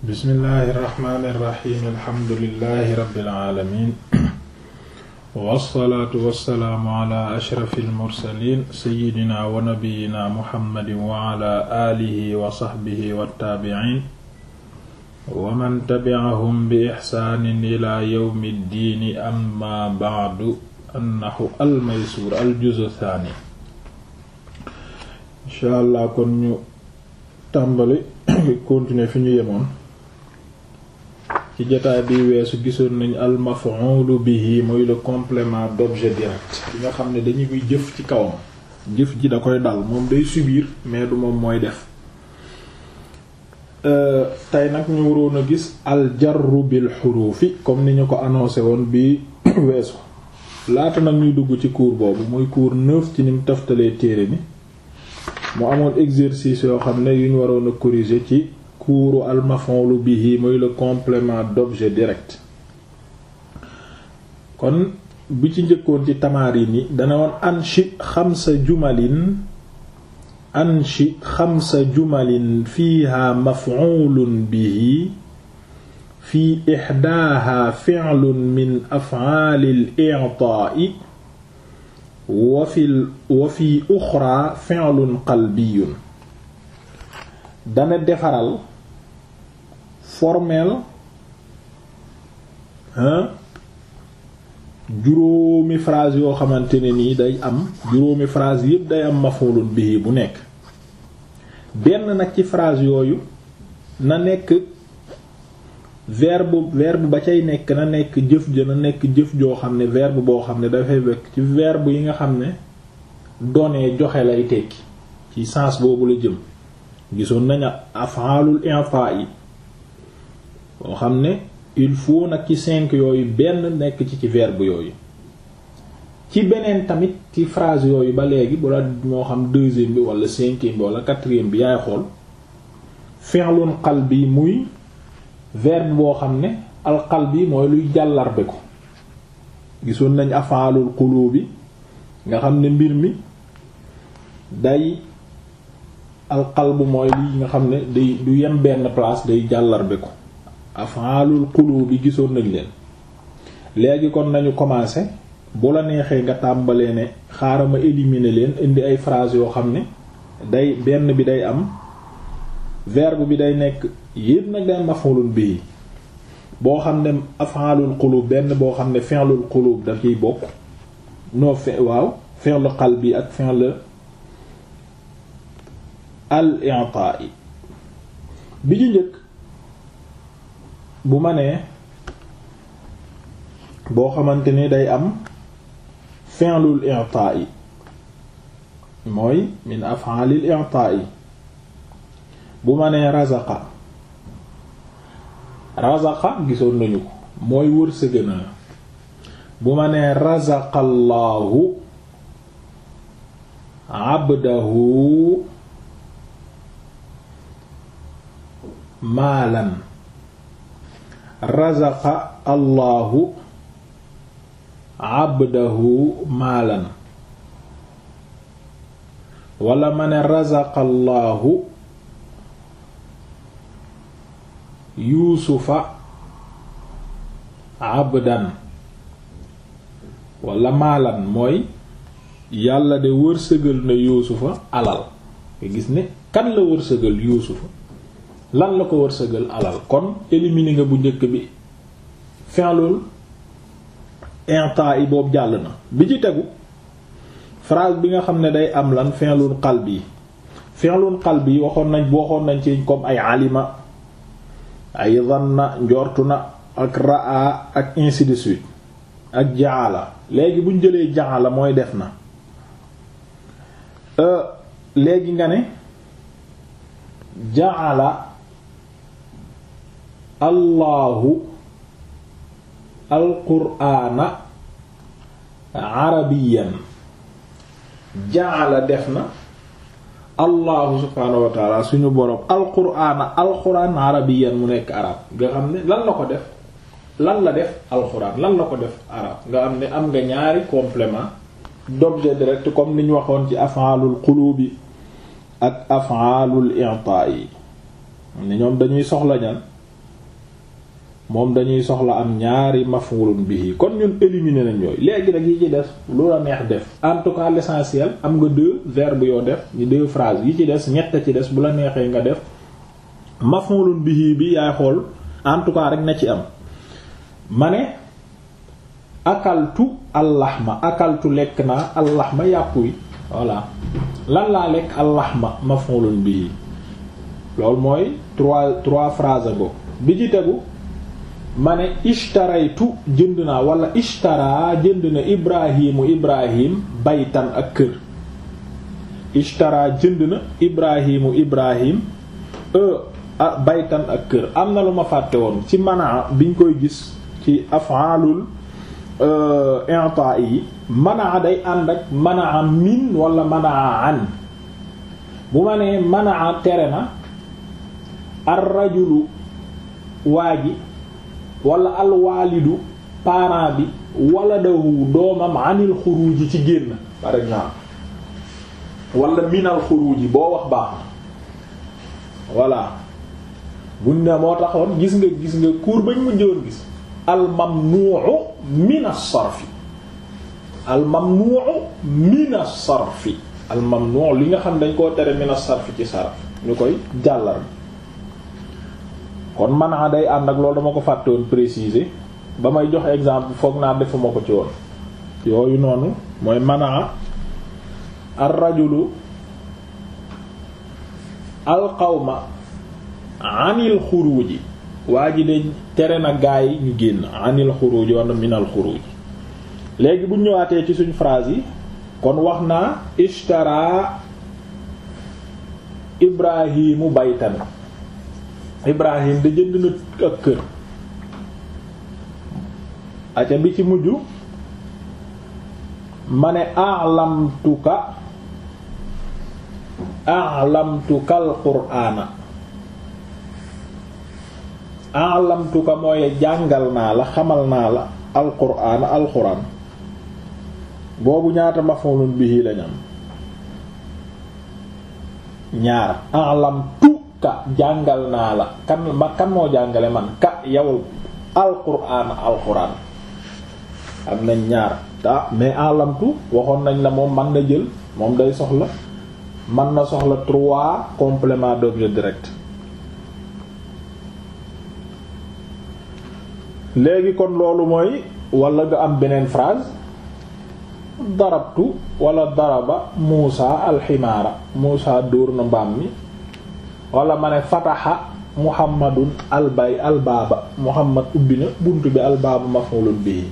bismillahi irrahmani irrahim alhamdulilahi rabilalamin walsalaatu walsalaamu ala ashrafi almursalin seyidina wa nabiyina muhammadin wa ala aalihi wa saxbihi wattaabicin wa man tabicahum bi ixsaanin ila yowmi ddiini amma bacdu annahu almaysuur aljuzu thaani incha allah kon ñu tàmbali continuer fi ñu yemoon ci jotaay bi weesu gisoon nañu nañ al bi yi mooy le complément d'objet direct bi nga xam ne dañu koy jëf ci kawam jëf ji da koy dal moom day subir mais du moom mooy def euh, tey nag ñu waroon a gis al jarru bil xuruufi comme ni ñu ko annoncé woon bi weesu laata nag ñuy dugg ci cours boobu muy cours neuf ci ni mu taftalee téere ni mu amoon exercice yoo xam ne yu ñu waroon a corriger ci kuuru al maf'ul bihi muy le complément d'objet kon bi ci njëkkoon ci tamarin yi dana woon anshi xamsa jumalin anshi xamsa jumalin fiiha maf'ulun bihi fi ixdaaha min af'aalil i'taa'i wa fi wa fi uxraa dana defaral formel hein juróomi phrase yoo xamante ne nii day am juróomi phrase yépp day am mafulun bihi bu nekk benn nag ci phrase yooyu na nekk verbe verbe ba cay nekk na nekk jëf ja na nekk jëf joo xam ne verbe boo xam ne dafay wekk ci verbe yi nga xam ne donné joxe lay tekki ci sens boobu la jëm gisoon nañu af'alul infa yi boo xam ne il faut nag ci cinq yooyu benn nekk ci ci verbe yooyu ci beneen tamit ci phrase yooyu ba léegi bu la moo xam deuxième bi wala cinquième bi wala quatrième bi yaay xool fi'lun qalbi muy verbe boo xam ne al qalbi mooy luy jàllarbe ko gisoon nañ afaalul bi nga xam ne mbir mi day al qalbu mooy li nga xam ne day du yem benn place day jàllarbe ko af'alul bi gisoon nañ leen léegi kon nañu commencé bu la neexee nga tàmbalee ne xaaral ma éliminer leen indi ay phrase yoo xam ne day benn bi day am verbe bi day nekk yépp nag day maf'ulun bihi boo xam ne af'alul qulub benn boo xam ne fi'lul qulub da ciy bokk noo fi waaw fi'lu qalbi ak fi'lu al-i'ta'i bi ci njëkk bu ma nee boo xamante ni day am fi'lul i'ta'i mooy min af'alil i'ta'i bu ma nee razaqa razaqa gisoon nañu ko mooy wërsëg na bu ma nee razaqallahu abdahu maalan razaqa allahu abdahu maalan wala ma ne razaqa yuusufa abdan wala maalan mooy yàlla de wërsëgal na yuusufa alal nga gis ne kan la wërsëgal yuusufa lan la ko wërsëgal alal kon éliminer nga bu njëkk bi fi'lul inta'i boobu jàll na bi ci tegu phrase bi nga xam ne day am lan bi qalbi xal bi waxoon nañ waxoon nañ ci comme ay alima ay zanna njortu na ak raa ak ainsi de suite ak jaala léegi buñ jëlee jaala mooy def na euh, léegi nga ne jaala allahu alquraana arabiyan jaala def na allahu subhaanahu wa taala suñu boroom alquraana alquraan arabiyan mu nekk arab nga xam ne lan la ko def lan la def alxuraan lan la ko def arab nga am ne am nga ñaari complément d'objet direct comme ni waxoon ci af'alul qulubi ak af'alul i'ta'i ni ñoom dañuy soxla ñan moom dañuy soxla am ñaari maf'ulun bihi kon ñun éliminer nañ yooyu léegi nag yi ci des lu la neex def en tout cas l'essentiel am nga deux verbes yoo def ñu deux phrases yi ci des ñett ci des bu la neexee nga def maf'ulun bihi bi yaay xool en tout cas rek na ci am ma ne akaltu ma akaltu lekk naa allahma yàpp wi voilà lan laa lekk allax allahma maf'ulun bihi loolu mooy trois trois frase a bi ci tegu ma ne ishtaraytu jënd naa wala ishtara jënd na ibrahimu ibrahim baytan ak kër ishtara jënd na ibrahimu ibrahim e, baytan ak kër am na lu ma fàtte woon ci manaa biñ koy gis ci af'alul e, inta yi manaa day ànd ak manaa min wala manaa an bu ma nee manaa tere na ar rajulu waa ji wala alwaalidu parent bi waladahu doomam anil xuruji ci génn par exemple wala minal yi boo wax baax na voilà buñ ne moo taxoon gis nga gis nga cours bañ mujjoon gis al mamnu'u min as-sarfi al mamnu'u li nga xam dañ koo tere min as ci sarf ñu koy jàllar kon manaa day ànd ak loolu dama ko fàtte woon préciser ba may jox exemple foog naa defuma ko ci woon yooyu noonu mooy manaa ar rajulu al qawma anil xuruji waa ji de tere na gaa yi ñu génn anil xuruji wala minal xuruji léegi bu ñëwaatee ci suñu phrase yi kon wax naa ishtara ibrahimu baytan Ibrahim da jënd na ak kër aca bi ci mujj ma ne a'lamtuka a'lamtuka al-qur'ana mooy jàngal naa la xamal naa la al-qur'ana boobu ñaata maf'ulun bihi lañu am ñaar a'lamtu ka jàngal naa la kan ma kan moo jàngale man ka yawul alquran alquran am nañ ñaar ah mais alamtu waxoon nañ la moom man na jël moom day soxla man na soxla trois compléments d'objet direct léegi kon loolu mooy wala nga am beneen phrase darabtu wala daraba Muusa alximaara Muusa dóor na mbaam mi wala ma ne fataxa muhammadun albay albaaba muhammad ubbi na bunt bi albaaba maf'ulun bihi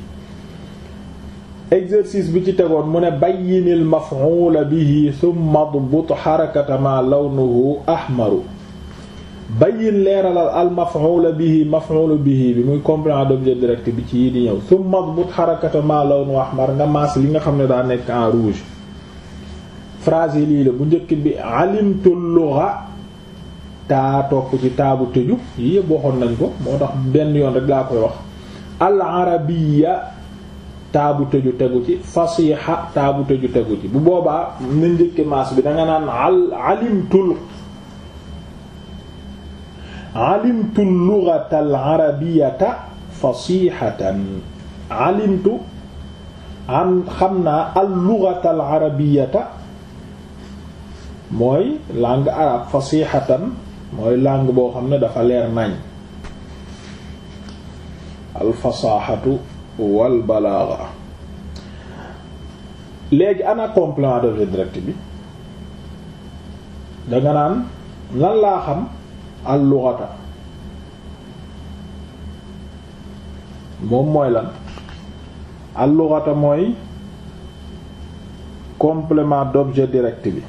exercice bi ci tegoon mu ne bayyinil maf'ula bihi thumma dbut xarakata ma lawnuhu ahmaru bayyin leeralal al maf'ul bihi maf'ul bihi bi muy complément d'objet direct bi ci yi di ñëw thumma dbut xarakata ma lawnu ahmar nga maas li nga xam ne daa nekk en rouge phrase bu njëkk bi alimtu lugha taa topp ci taabu tëju yi waxoon nañ ko moo tax benn yoon rek laa koy wax al arabiya taabu tëju tegu ci fasiha taabu tëju tegu ci bu boobaa na njëkke maas bi danga naan al alimtul alimtu lughata al arabiyata fasihatan alimtu an xam naa al lughata arabiyata mooy langue arabe fasihatan mooy langue boo xam ne dafa leer nañ alfasaxatu wal balaaga léegi ana complément de direct bi danga naan lan laa xam al lughata moom mooy lan al lughata mooy complement d'objet direct bi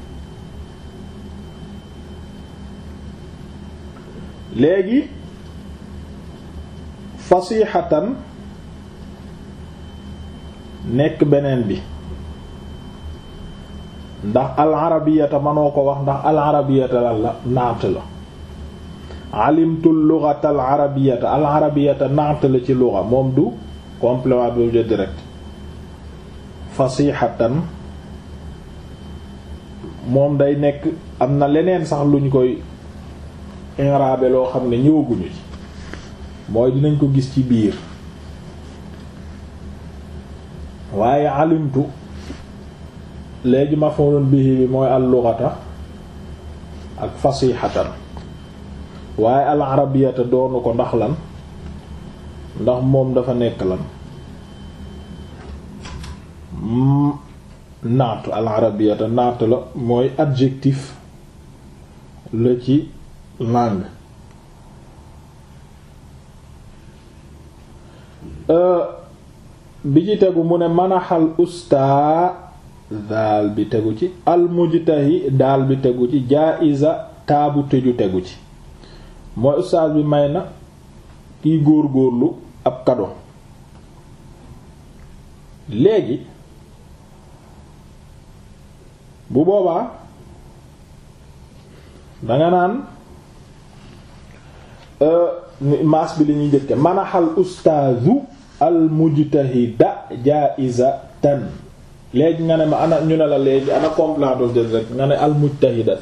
léegi fasixatan nekk beneen bi ndax alarabiyata manoo ko wax ndax alarabiyata lan la naat la alimtu lughata alarabiyata alarabiyata naat la ci lugha moom du complément bi de direct fasixatan moom day nekk am na leneen sax luñ koy inraabe loo xam ne ñëwaguñu ci mooy dinañ ko gis ci biir waaye alimtu léegi maf'ulun bihi bi mooy al-lughata ak fasihatan waaye al-arabiyata doonu ko ndax lan ndax moom dafa nekk lan hmm, naatu al-arabiyata naatu la mooy adjectif la ci langue bi ci tegu mu ne manaxal ustaa daal bi tegu ci almujtahi daal bi tegu ci jaiza taabu tëju tegu ci mooy ustaas bi may na kiy góor góorlu ab kado léegi bu boobaa danga naan Euh, maas bi li ñuy njëkke manaxal ustaazu al mujtahida jaizatan léegi nga ne ma ana ñu ne la léegi ana complément de rek nga ne al mujtahida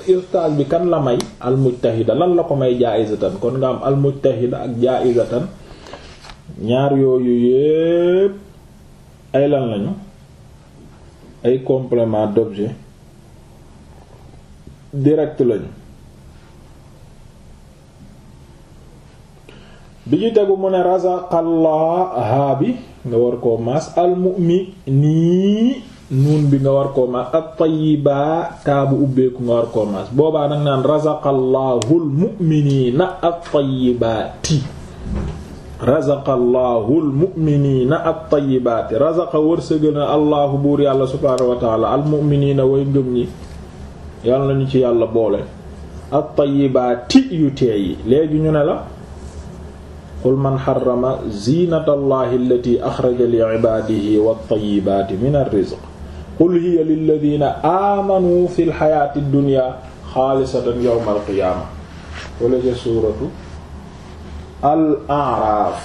bi kan la may al mujtahida lan la ko may jaizatan kon nga am al mujtahida ak jaizatan ñaar yooyu yépp ay lan lañu ay complément d'objet direct lañu bi ñu tegu mu ne razaqallaha bi nga war koo maas almumi nii nuun bi nga war koo maas ak tayyibaa taabu ubbeeku nga war koo maas boobaa nag naan razaqallahu almu'miniina ak tayyibaati razaqallahu almu'miniina ak tayyibaati razaqa wërsëgal na allahu buur yàlla subhaanahu wa taala almu'miniina way ngëm ñi yàlla nañu ci yàlla boole ak yu teey yi léegi ñu ne la qul man xarama zinata allahi allati axraja li cibaadihi waltayibaati min arrisq qul hiya liladina aamanuu fi lxayaati dunia xaalisatan yowma alqiyaama wala ja suuratu al araaf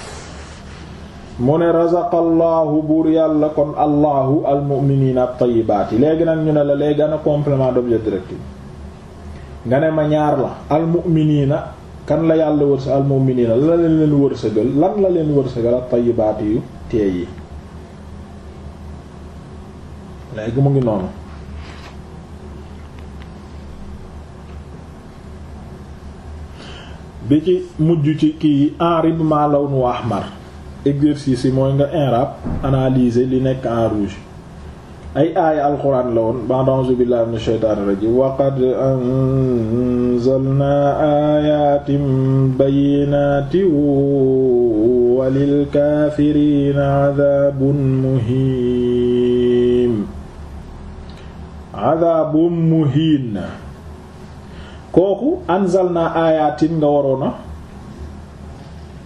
mu ne razaqa allaahu buur yàlla kon allaahu almuminina altayibaati léegi nag ñu ne la léegi ana complément d'objet direct nga ne ma ñaar la almuminina kan la yàlla wërsëgal mu'minina la leen leen wërsëgal lan la leen wërsëgal ak tayyibaati yu teey yi léegi mu ngi noonu bi ci mujj ci kii enrib ma lawn wa ahmar exercice yi mooy nga inrab analyser li nekk en rouge ay aaya alquran la woon ba'd a'uuzu billahi minash shaytaanir rajiim wa qad anzalnaa aayaatin bayyinaatin wa lil kaafiriina 'adaabun muhiin kooku anzalnaa aayaatin nga waroona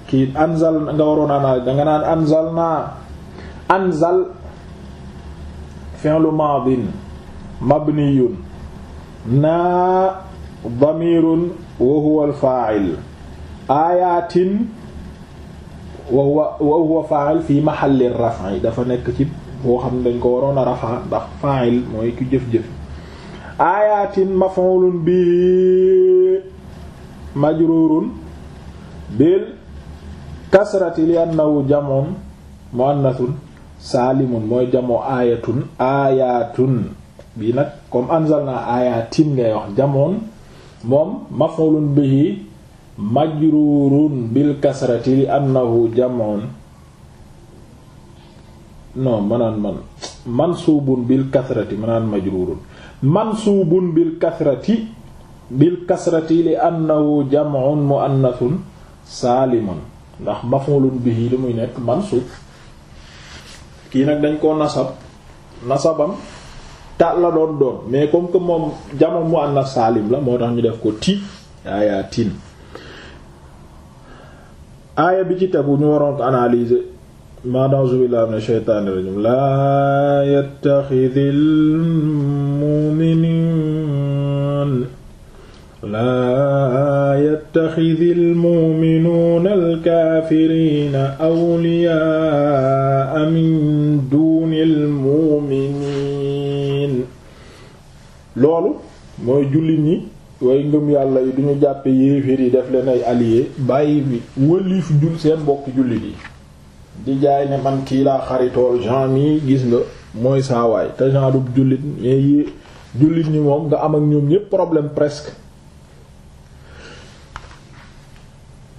kii anzal nga naan anzal fi'lu maadin mabniyun naa damirun wa huwa al-faa'il ayatin wa huwa wa fi mahalli raf'i dafa nekk ci boo xam ne dañ ko waroon a rafa ndax faa'il mooy ki jëf-jëf ayatin maf'ulun bihi majrurun bil kasrati li annahu jam'un muannathun saalimun mooy jamoo aayatun aayatun bii nag comme anzalna aayatin ngay wax jamoon moom maf'ulun bihi majrurun bil kasrati li annahu jamoon non manaan saalimun ndax maf'ulun bihi li muy nekk mansuub kii nag dañ koo nasab nasabam ta la doon doon mais comme que moom jamono mu ànd na saalim la moo tax ñu def ko ti aayaa tin aaya bi ci tegu ñu waroon ko analyser ma na'uzu billahi minash shaytaanir rajiim laa yattaxidil mu'minuun laa yattaxidi almuuminuuna alkaafiriina awliyaa min duuni almuuminiin loolu mooy jullit ñi way ngëm yàlla yi duñu jàppe yéeféer yi def leen ay alliés bàyyi bi wëliif jul seen bokk jullit yi di jaay ne man kii laa xaritool Jean mi gis nga mooy saawaay te Jean du jullit ñi moom nga am ak ñoom ñépp problème presque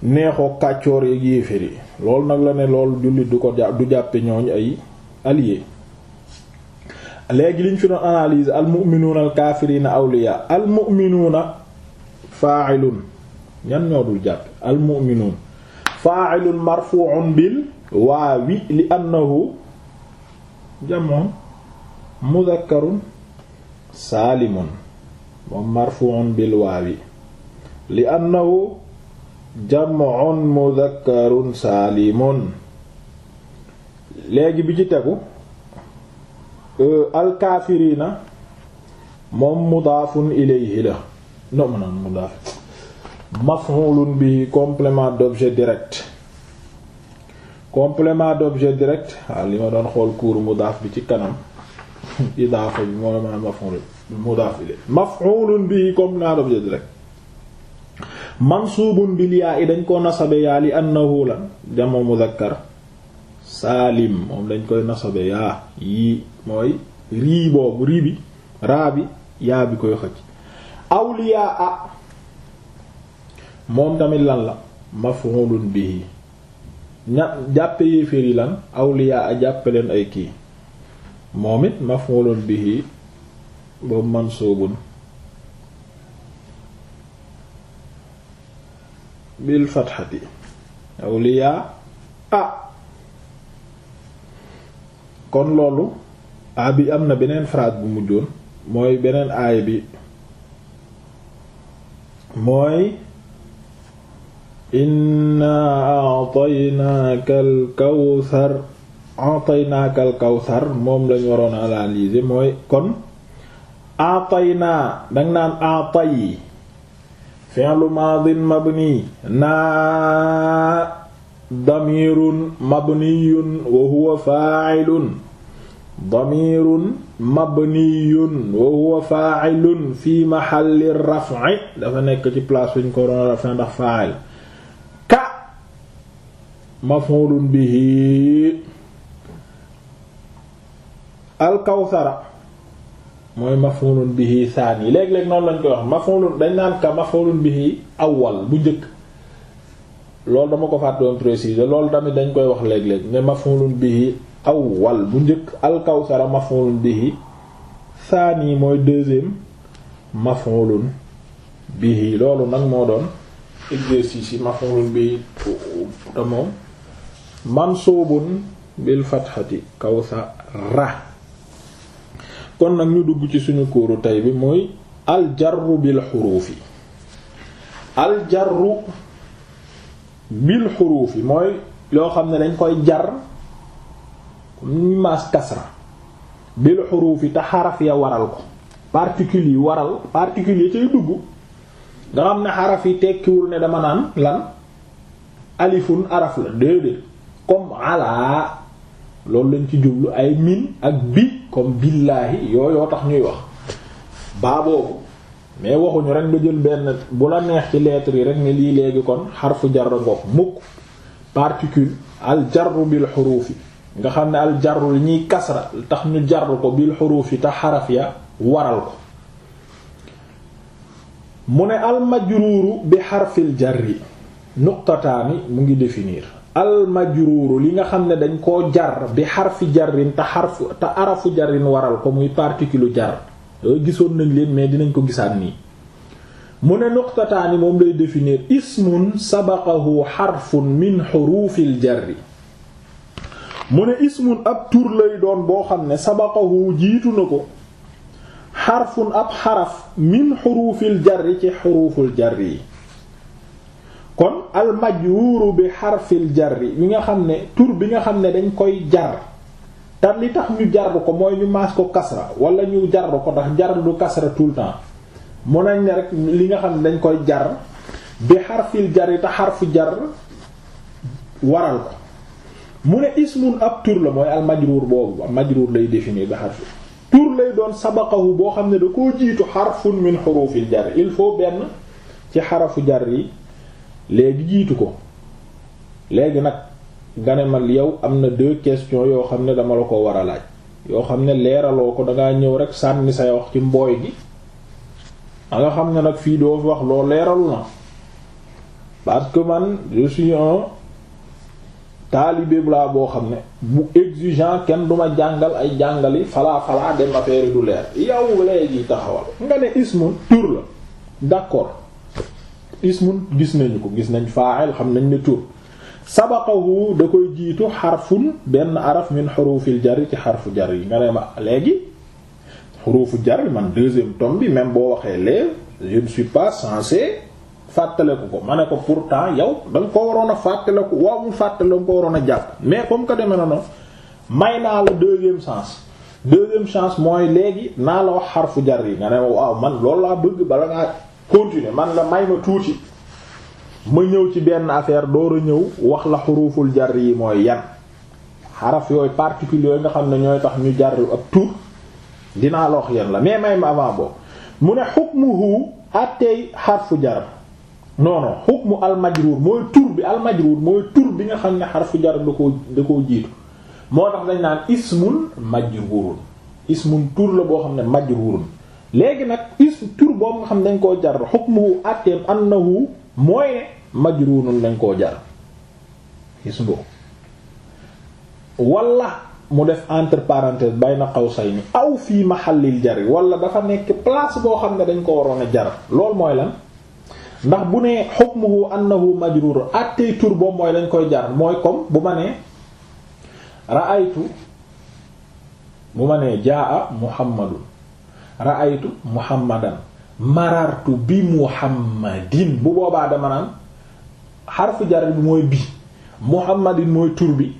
neexoo kàccoor yeeg yéeféer yi loolu nag la ne loolu jullit du ko jàpp du jàppe ñooñu ay alliés léegi liñ fi doon analyse al mu'minuuna al kaafiriina awliyaa al mu'minuuna faa'ilun ñan ñoo waawi li annahu jam'un mudhakkarun saalimun moom marfu'un bil waawi li annahu jam'un mudhakkarun saalimun léegi bi ci tegu euh, alkaafiriina moom mudaafun ilayhi la non non mudaaf maf'ulun bi complément d'objet direct complément d'objet direct waaw li ma doon xool kuur mudaaf bi ci kanam idaafa bi moo la mën a mudaaf ilayhi maf'ulun bi complément d'objet direct mansuubun bil yaa i dañ koo nasabe yaa li annahu la jamu muzakkar saalim moom dañ koy nasabe yaa yii mooy rii boobu rii bi raa bi yaa bi koy xëcc awliyaa a moom tamit lan la maf'ulun bihi ña jàppe yéeféer yi lan awliyaa a jàppe leen ay kii moom it maf'ulun bihi boobu mansuubun bil fatxati awliyaa ah kon loolu a am na beneen phrase bu mujjoon mooy beneen aay bi mooy inna ataynaaka al kawsar ataynaaka al kawsar moom lañ waroon analyser mooy kon ataynaa danga naan atay fi'lu maadin mabni naa damirun mabniyun wa huwa faa'ilun damirun mabniyun wa huwa faa'ilun fi mahalli raf'i dafa nekk ci place suñ ko doon raf'i ndax faa'il ka maf'ulun bihi alkawsara mooy maf'ulun bihi thani léeg-léeg noonu lañ koy wax maf'ulun dañ naan ka maf'ulun bihi awwal bu njëkk loolu dama ko fàtte woon préciser loolu tamit dañ koy wax léeg-léeg ne maf'ulun bihi awwal bu njëkk alkawsara maf'ulun bihi thani mooy deuxième maf'ulun loolu nag moo doon exercice yi maf'ulun bihi te moom mansuubun bil fathati kon nag ñu dugg ci suñu kóoru tey bi mooy aljarru bil xuruufi aljarru bil yi mooy yoo xam ne dañ koy jar maas kasra bil xuruufi te xaraf ya waral ko particules yi waral particules yi cay dugg nga xam ne xaraf yi tekkiwul ne dama naan lan alifun araf la déedéet comme alaa loolu lañ ci jublu ay min ak bi comme billaahi yooyoo tax ñuy wax baa boobu mais waxuñu rek nga jël benn bu la neex ci lettre yi rek ne lii léegi kon xarfu jarra ngoog mukk particule al jarru bil xuruuf yi nga xam ne al jarru li ñuy kasra tax ñu jarru ko bil xuruuf yi tax xaraf ya waral ko mu ne al majruuru bi xarfil jarri nuqtataani mu ngi definiir almajruuru li nga xam ne dañ koo jar bi xarfi jarrin te arafu jarrin waral ko muy particule jar yooyu gisoon nañ leen mais dinañ ko gisaat nii mu ne nuqtataani moom lay définir ismun sabaqahu xarfun min xuruufil jarri mu ne ismun ab tur lay doon boo xam ne sabaqahu jiitu na ko xarfun ab xaraf min xuruufil jarri ci xuruuful jarri yi kon al majruuru bi xarfil jarri yi nga xam ne tur bi nga xam ne dañ koy jar tam li tax ñu jar ko mooy ñu maas ko kasra wala ñu jar ko ndax jar lu kasra tout le temps mun nañ ne rek li nga xam ne dañ koy jar bi xarfil jar xarfu jar waral mu ne ismun ab tur la mooy al majruur boobu majruur lay définir bi lay doon sabaqahu boo xam ne da koo jiitu xarfun min xurufil jar il faut benn ci xarafu jar yi léegi jiitu ko léegi nag nga ma yow am na deux questions yoo xam ne dama la ko war laaj yoo xam ne leeraloo ko dangaa ñëw rek sànni say wax ci mbooy gi a xam ne nag fii doo fi wax loo leeralu na parce que man je suis un boo xam ne bu exigeant kenn duma jàngal ay jàngali falaa falaa dem affaire du leer yow léegi taxawal nga ne ismu tur la d'accord ismun gis nañu ko gis nañ fa'il xam nañ ne tur sabaqahu da koy jiitu xarfun benn araf min xurufil jar ci xarfu jar yi nga ne ma léegi xurufu jar yi man deuxième tome bi même boo waxee lee je ne suis pas censé fàttaleku ko ma ne ko pourtant yow da nga ko waroon a fàttaleku waaw mu fàttale nga ko waroon a jàpp mais comme que demee na noonu may naa la deuxième chance deuxième chance mooy léegi naa la wax xarfu jar yi nga ne ma waaw man loolu laa bëgg bala ngaa continuer man la may ma tuuti ma ñëw ci benn affaire door ñëw wax la xuruful jar yi mooy yan xaraf yooyu particulier yooyu nga xam ne ñooy tax ñu jar ab tur dinaa la wax yan la mais may ma avant boobu mu ne hukmuhu àtteey xarfu jar non non hukmu almajruur mooy tur bi almajruur bi nga xam ne xarfu jar da koo da ko jiitu moo tax dañ naan ismun majruurun ismun tur la boo xam ne majruurun léegi nag is tur boobu nga xam dañ koo jar hukmuhu atteem annahu mooy ne majrunun dañ koo jar is boobu wala mu def entre xaw say qawsayni aw fii ma mahallil jar wala dafa nekk place boo xam ne dañ ko waroon a jar loolu mooy lan ndax bu ne hukmuhu annahu majrur attey tur boobu mooy dañ koy jar mooy comme bu ma nee ra'aytu bu ma nee jaa muhammadun ra'aytu muhammadan marartu bi muhammadin bu boobaa dama naan xarfu jar bi mooy bi muhammadin mooy tur bi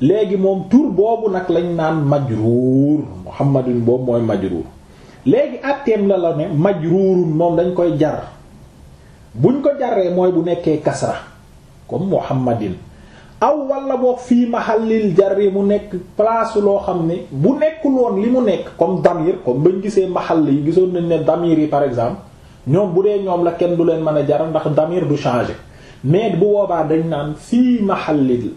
léegi moom tur boobu nag lañu naan majruur muhammadin boobu mooy majruur léegi atteem la la ne majruurun moom dañ koy jar buñ ko jaree mooy bu nekkee kasra comme muhammadin aw wala boog fii mahallil yi mu nekk place loo xam ne bu nekkul woon li mu nekk comme damir comme bañ gisee mahall yi gisoon nañ ne damir yi par exemple ñoom bu dee ñoom la kenn du leen mën a jar ndax damir du changer mais bu boobaa dañ naan fii mahallil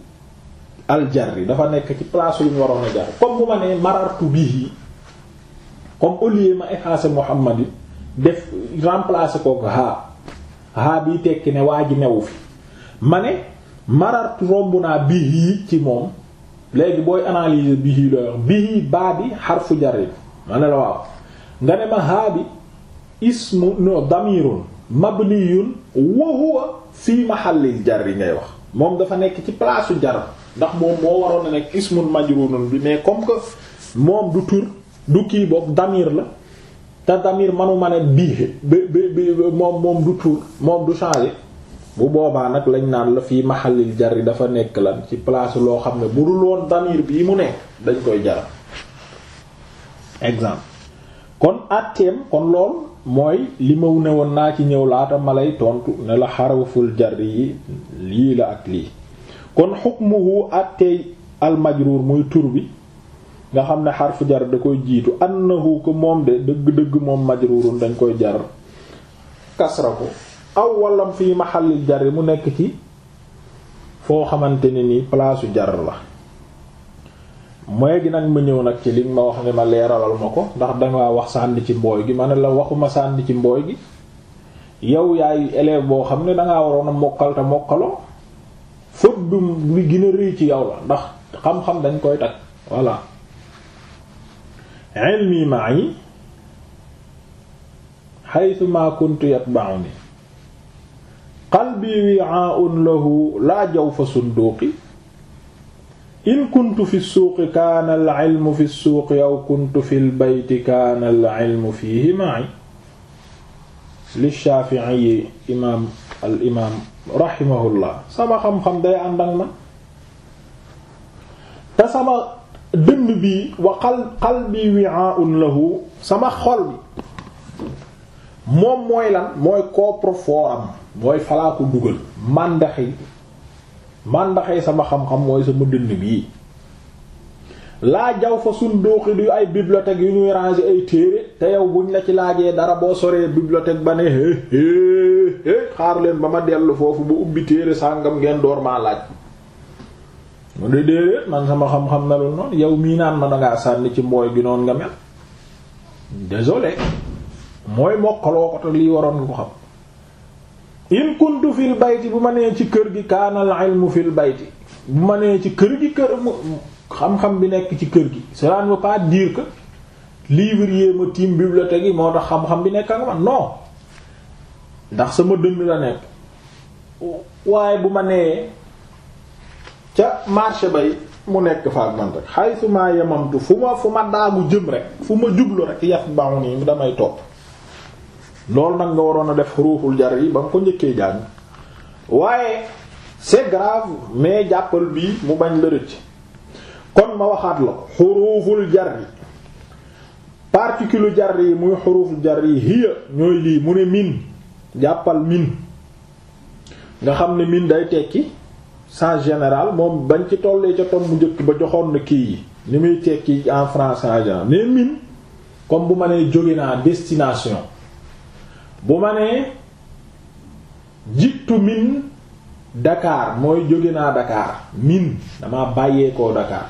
al jarri dafa nekk ci place lu ñu waroon a jar comme bu ma nee marartu bihi comme au lieu ma effacer Muhammad def remplacer ko ha ha bi tekki ne waa ji newu fi ma ne. marartu romb naa bihi ci moom léegi booy analyser bihi looy wax bihi baa bi xarfu jarri ma ne la waaw nga ne ma haa bi ismu no damirun mabniyun wa huwa fii mahallil jarri ngay wax moom dafa nekk ci place u jar ndax moom moo waroon na nekk ismun majrurun bi mais comme que moom du tur du kiibook boobu damir la te damir manu ma ne bihi bi bi bi moom moom du tur moom du changer bu boobaa nag lañ naan la fii mahallil jarri dafa nekk lan ci place loo xam ne bu dul woon damir bii mu nekk dañ koy jaral exemple kon atteem kon lool mooy li ma ne woon naa ci ñëw laata ma lay tontu ne la xaraful jar yi lii la ak lii kon xukmuhu attey almajruur muy tur bi nga xam ne xarfu jar da koy jiitu annahu ko moom de dëgg-dëgg moom majruurun dañ koy jar kasra ko aw wallam fii ma maxallil jar mu nekk ci foo xamante ne nii palaasu jar la mooy gi nag ma ñëw nag ci liñ ma wax ne ma leeralal ma ko ndax danga wax sànni ci mbooy gi ma ne la waxuma sànni ci mbooy gi yow yaay élève boo xam ne danga waroon a mokkal te mokkaloo fët bi gën a rëy ci yow la ndax xam-xam dañ koy takk voilà ilmi ma'i haythu ma kuntu yatba'uni qalbi wi'aa'un lahu laa jawfa sunduuqi in kuntu fi suuqi kaana al-'ilmu fi suuqi aw kuntu fi al-bayti kaana al-'ilmu fiihi ma'i li Shaafi'i imaam al imaam rahimahullah sama xam-xam day ànd ak man te sama dënd bi wa qalbi wi'aa'un lahu sama xol bi moom mooy lan mooy coffre-fort am mooy falaa ko dugal màndaxi màndaxi sama xam-xam mooy sama dënn bii laa jaw fa sunduuxi du ay bibliothèque yu ñuy ranger ay téere te yow buñ la ci laajee dara boo soree bibliothèque ba ne hé xaar leen ba ma dellu foofu bu ubbi téere sàngam ngeen door maa laaj mu ne déedéet man sama xam-xam melul noonu yow mii naan ma dangaa sànni ci mbooy gi noonu nga mel désolé mooy mokkaloo ko te lii waroon nga ko xam in kuntu fil bayti bu ma nee ci kër gi kaanal ilmu fil bayti bu ma nee ci kër gi kër xam-xam bi nekk ci kër gi cela ne veut pas dire que livre ma tiim bibliothèque yi moo tax xam-xam bi nekk ak man non ndax sama dënd la nekk waaye bu ma nee ca marché bay mu nekk fa ak man rek xay su ma yemamtu fu ma fu ma daagu jëm rek fu ma jublu rek yaf bawu nii damay topp loolu nag nga waroon a def ruuxul jar yi ba nga ko njëkkee jàng waaye c'est grave mais jàppal bii mu bañ la rëcc kon ma waxaat la xuruuful jar yi particule jar yi muy xuruuful jar yi hiya ñooy lii mu ne min jàppal min nga xam ne min day tekki sens général moom bañ ci tollee ca tom mu njëkk ba joxoon na kii yi ni muy tekki en français en général mais comme bu ma nee jóge naa destination bu ma nee jittu min Dakar mooy jóge naa Dakar min dama bàyyeekoo Dakar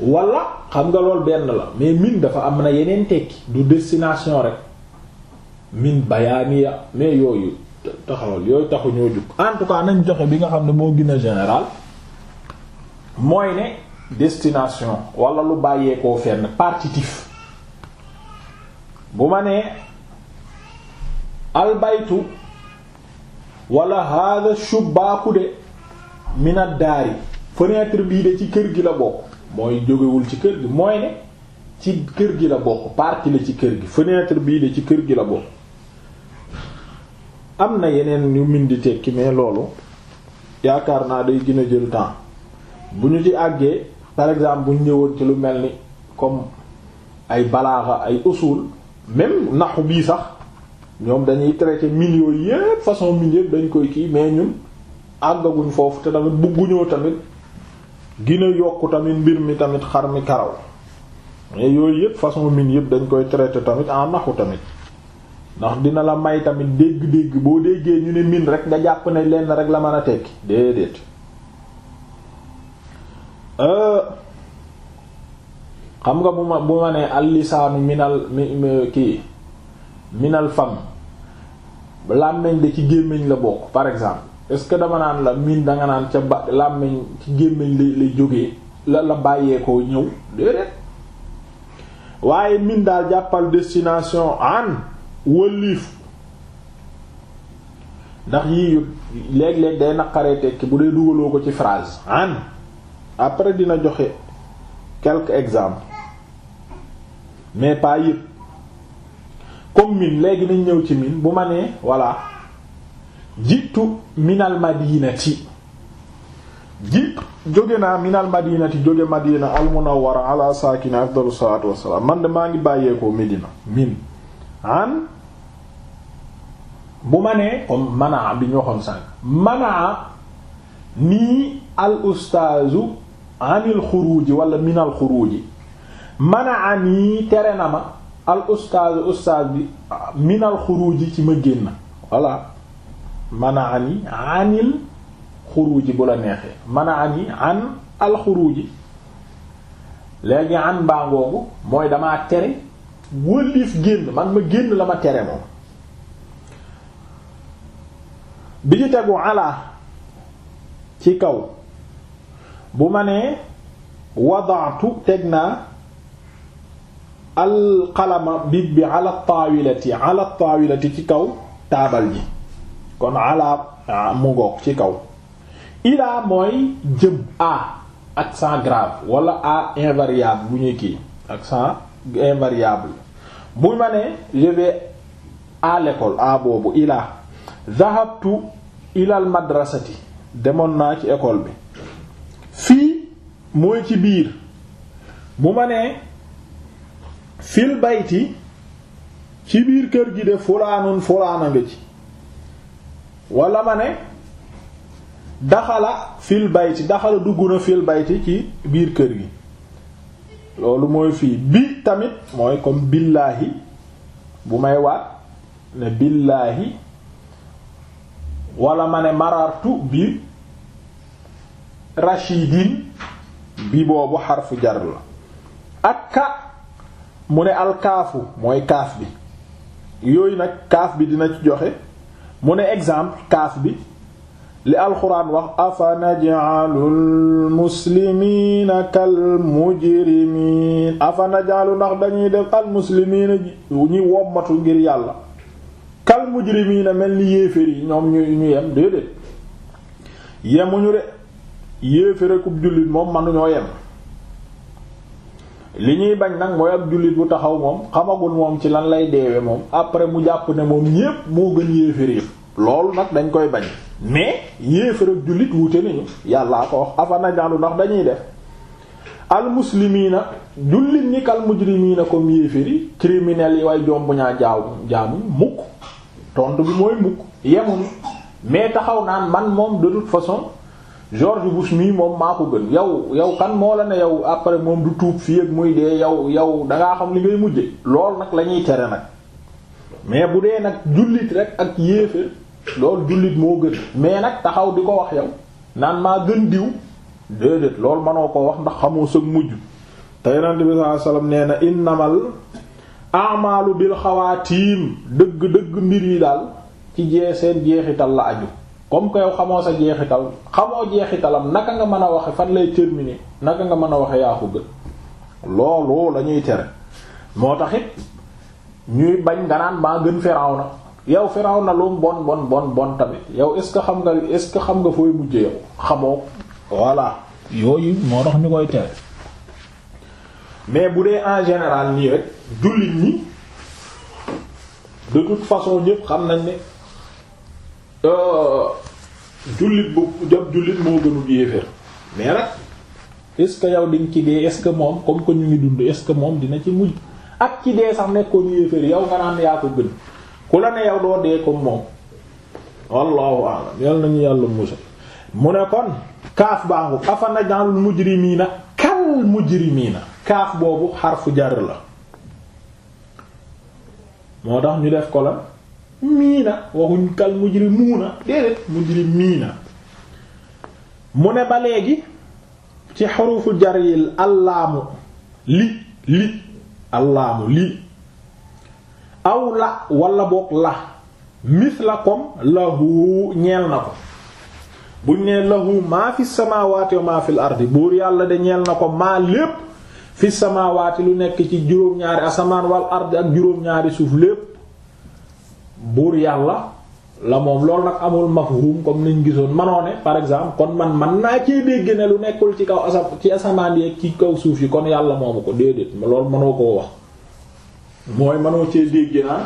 wala xam nga lool benn la mais min dafa am na yeneen tekki du destination rek min bayaaniya mais yooyu taxawal yooyu taxu ñoo jug en tout cas nañ joxe bi nga xam ne moo gën a général mooy ne destination wala lu bàyyeekoo fenn partitif bu ma nee albaytu wala hada shubbaaku de mina daari fenêtre bii de ci kër gi la bokk mooy jógewul ci kër gi mooy ne ci kër gi la bokk partie la ci kër gi fenêtre bii de ci kër gi la bokk am na yeneen yu mindi tekki mais loolu yaakaar naa day gën a jël temps bu ñu ci àggee par exemple bu ñu ci lu mel ni comme ay balaaxa ay usul même naxu bii sax ñoom dañuy traité mine yooyu yépp façon mine yépp dañ koy kii mais ñun àggaguñ foofu te tamit bugguñoo tamit gina yokku tamit mbir mi tamit xar mi karaw mais yooyu yépp façon mine yépp dañ koy traité tamit en naxu tamit ndax dina la may tamit dégg-dégg boo déggee ñu ne mine rek nga jàpp ne lenn rek la man a tekki déedéet euh, xam nga bu ma bu ma nee al lisaanu minal mi kii minal fam làmmiñ de ci gémmiñ la bokk par exemple est-ce que dama naan la miin danga naan ca ba làmmiñ ci gémmiñ la lay jógee la la bàyyeekoo ñëw déedéet waaye miin daal jàppal destination an wëlliif ndax yi yu léeg-léeg day naqaree tekki bu dee dugaloo ko ci phrase an après dina joxe quelque exemple mais pas yëpp comme min léegi nañ ñëw ci min bu ma nee voilà jiitu minal madinati jiitu jóge naa minal madinati jóge madina al munawwara saakini afdalu salaatu wassalaam man de maa ngi bàyyeekoo Medina min an bu ma nee comme manaa bi ñu waxoon sànq manaa nii al ustaazu anil xuruuji wala minal xuruuji manaa nii tere na ma al ustaaz ustaaz bi minal xuruji ci ma génn voilà manaani anil xuruji bu la neexee manaani an al xuruji léegi an baa ngoogu mooy dama tere wëlliif génn man ma génn la ma tere moom bi ñu tegu ala ci kaw bu ma nee wadaatu teg naa alxalama bit bi ala taawilati ala taawilati ci kaw taabal ji kon ala ah, mu ngoog ci kaw ilaa mooy jëm a accent grave wala a invariable bu ñu ak accent invariable bu ma ne je vais à l'école a boobu ilaa dhahabtu ilal madrasati demoon naa ci école bi fii mooy ci biir bu ma nee fil ci biir kër gi de fulaanun fulaana nga ci wala ma ne daxala fil bayti daxala dugg na fil ci biir kër gi loolu mooy fii bi tamit mooy comme billaahi bu may waat ne billaahi wala ma ne marartu bi rashidin bi boobu xarfu jar la mu ne alkaafu mooy kaaf bi yooyu nag kaaf bi dina ci joxe mu ne exemple kaaf bi li alxuraan wax afa najalul muslimiina kal mujrimiin afa najalu ndax dañuy def al muslimiina ñi ngir yàlla kal mujrimiina mel ni yéeféer yi ñoom ñu ñu yem déedéet yemuñu de yéeféer ak jullit moom mënuñoo yem li ñuy bañ nag mooy ab jullit bu taxaw moom xamagul moom ci lan lay deewe moom après mu jàpp ne moom ñépp moo gën yéefér yi loolu nag dañ koy bañ mais yéefér ak jullit wuute nañu yàllaa ko wax afana jàndu ndax dañuy def al muslimiina jullit ñi kal mujrimiina comme yéefér yi criminels yi way jomb ñaa jaaw jaamu mukk tontu bi mooy mukk yemuñu mais taxaw naan man moom de toute façon George Bush mii moom maa ko gën yow yow xan moo la ne yow après moom du tuub fii ak muy dee yow yow dangaa xam li ngay mujje lool nag la ñuy tere nag mais bu dee nag jullit rek ak yéeféer loolu jullit moo gën mais nag taxaw di ko wax yow naan maa gën diw déedéet loolu mënoo ko wax ndax xamoo sag mujj te yonent bi sallallahu alayhi wasallam nee na innamal a'malu bil xawaatiim dëgg dëgg mbir yi daal ci jee seen jeexital la aju comme que yow xamoo sa jeexital xamoo jeexitalam naka nga mën a waxe fan lay terminer naka nga mën a waxe yaa ko gën loolu lañuy tere moo tax it ñuy bañ nga naan maa gën Firawna yow Firawna lu bon bon bon bon tamit yow est-ce que xam nga est-ce que xam nga fooy mujje yow xamoo voilà yooyu moo tax ñu koy tere mais bu dee en général nii rek jullit ñi de toute façon ñépp xam nañ ne jullit bu jab jullit moo gënul yéeféer mais nag est-ce que yow diñ ci dee est-ce que moom comme que ñu ngi dund est-ce que moom dina ci mujj ak ci dee sax nekkoon yéeféer yow nga naan yaa ko gën ku la ne yow doo dee comme moom wallahu a'lam yal nañu yàlla musal mu ne kon kaaf baangu afa naj'alul mujrimiina kal mujrimiina kaaf boobu xarfu jar la moo tax ñu def ko la miina waxuñ kal mujrimuuna déedéet mujrimiina mu ne ba léegi ci xurufu jar yi allaamu li li allaamu li aw la wala boog la misla comme lahu ñeel na ko buñ ne lahu maa fi samaawaati wa maa fil ardi buur yàlla de ñeel na ko maa lépp fi samaawaati lu nekk ci juróom-ñaari asamaan wal ardi ak juróom-ñaari suuf lépp buur yàlla la moom loolu nag amul mafhum comme niñ gisoon manoo par exemple kon man man naa cee dégg ne lu nekkul ci kaw asa ci asamaan yi ci kaw suuf yi kon yàlla moomu ko déedéet lool mënoo koo wax mooy mënoo cee dégg naa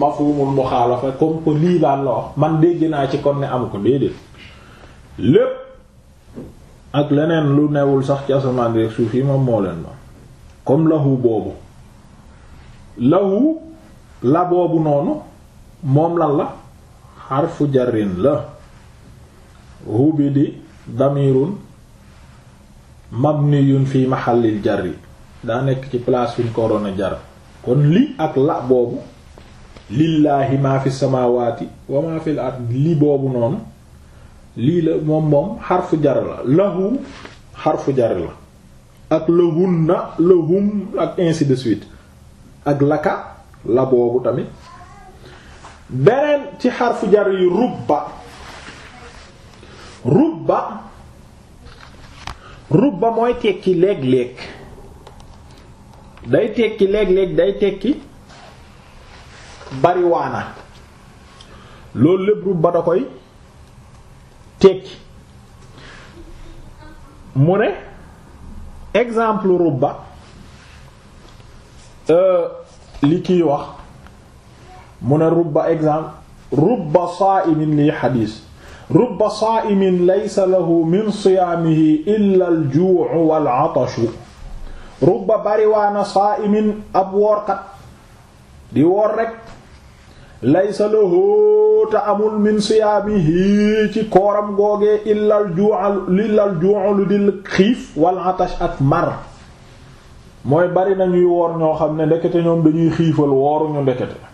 mafhumul muxaalafa comme ko lii la wax man dégg naa ci kon ne am ko déedéet lépp ak leneen lu newul sax ci asamaan yi suuf yi moom moo leen ma comme lahu boobu lahu la boobu noonu moom lan la xarfu jarin la hu bi di damirun mabniyun fi jar yi daa nekk ci place fi korona ko jar kon li ak la boobu lillaahi maa fi wa maa fil li boobu noonu lii la moom moom xarfu jar la lahu xarfu jar la ak lahunna lahum ak ainsi de suite ak laka la boobu tamit beneen ci xarfu jar yi rubba rubba ba mooy tekki léeg-léeg day tekki léeg-léeg day tekki bariwaana loolu lépp rubba da koy tekki mu ne exemple rubba euh, li kiy wax mu ne rubba exemple rubba saa'imin lii xadiis rubba saa'imin laysa lahu min siyaamihi illa al-juu'u wal-'atashu rubba bariwaana saa'imin ab woorkat di woor rek laysa lahu te amul min siyaamihi ci kooram googe illa al al-juu'u lu dil xiif wal-'atash ak mar mooy bari nañuy woor ñoo xam ne ndekete ñoom dañuy xiifal wooruñu ndekete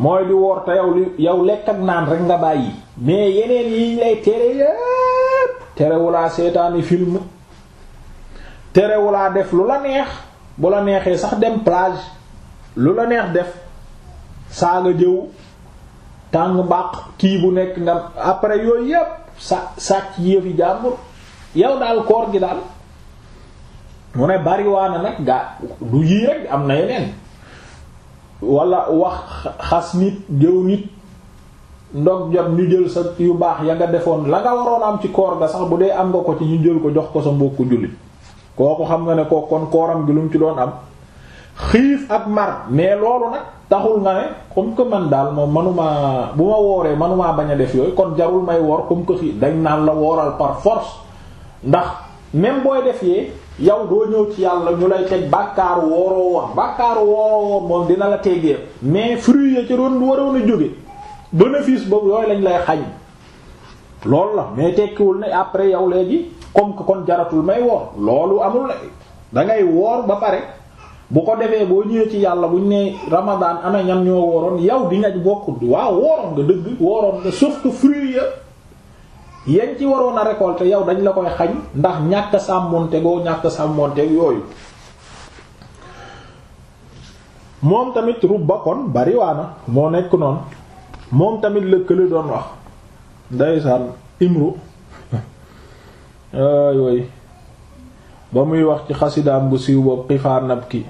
mooy di woor te yow li yow lekk ak naan rek nga bàyyi mais yeneen yiñ lay tere yépp terewulaa seetaani film terewulaa def lu la neex bu la neexee sax dem plage lu la neex def saaga jëw tàng mbaq kii bu nekk nga après yooyu yépp sa sàcc yëf yi jàmbur yow daal koor gi daal mu ne bariwaana nag gaa du yii rek am na yeneen wala wax xas nit jëw nit ndog jot ñu jël sa yu baax ya nga defoon la nga waroon am ci koor ga sax bu dee am nga ko ci ñu jël ko jox ko sa mbokku jullit kooku xam nga ne ko kon kooram gi lu mu ci doon am xiif ak mar mais loolu nag taxul nga ne comme que man daal moom manuma bu ma wooree manumaa bañ a def yooyu kon jarul may woor comme que xiif dañ naan la wooral par force ndax même booy def yee yow doo ñëw ci yàlla ñu lay teg bàkkaaru wooroo woon bàkkaaru wooroo moom dina la teggee mais fruit ya ci doon waroon a jóge bénéfice boobu yooyu lañ lay xañ loolu la mais tekkiwul ne après yow léegi comme que kon jaratul may woor loolu amul la dangay woor ba pare bu ko defee boo ñëwee ci yàlla buñ ne Ramadan ana ñam ñoo wooroon yow di nga bokk waaw wooroon nga dëgg wooroon nga sauf fruit ya yañ ci waroon a récolter yow dañ la koy xañ ndax ñàkk sàmmoon goo ñàkk sàmmonte yooyu moom tamit rubba kon bariwaana moo nekk noonu moom tamit lëkkale doon wax ndeysaan imru ay way ba muy wax ci xasidaam bu siiw boobu xifaa nabki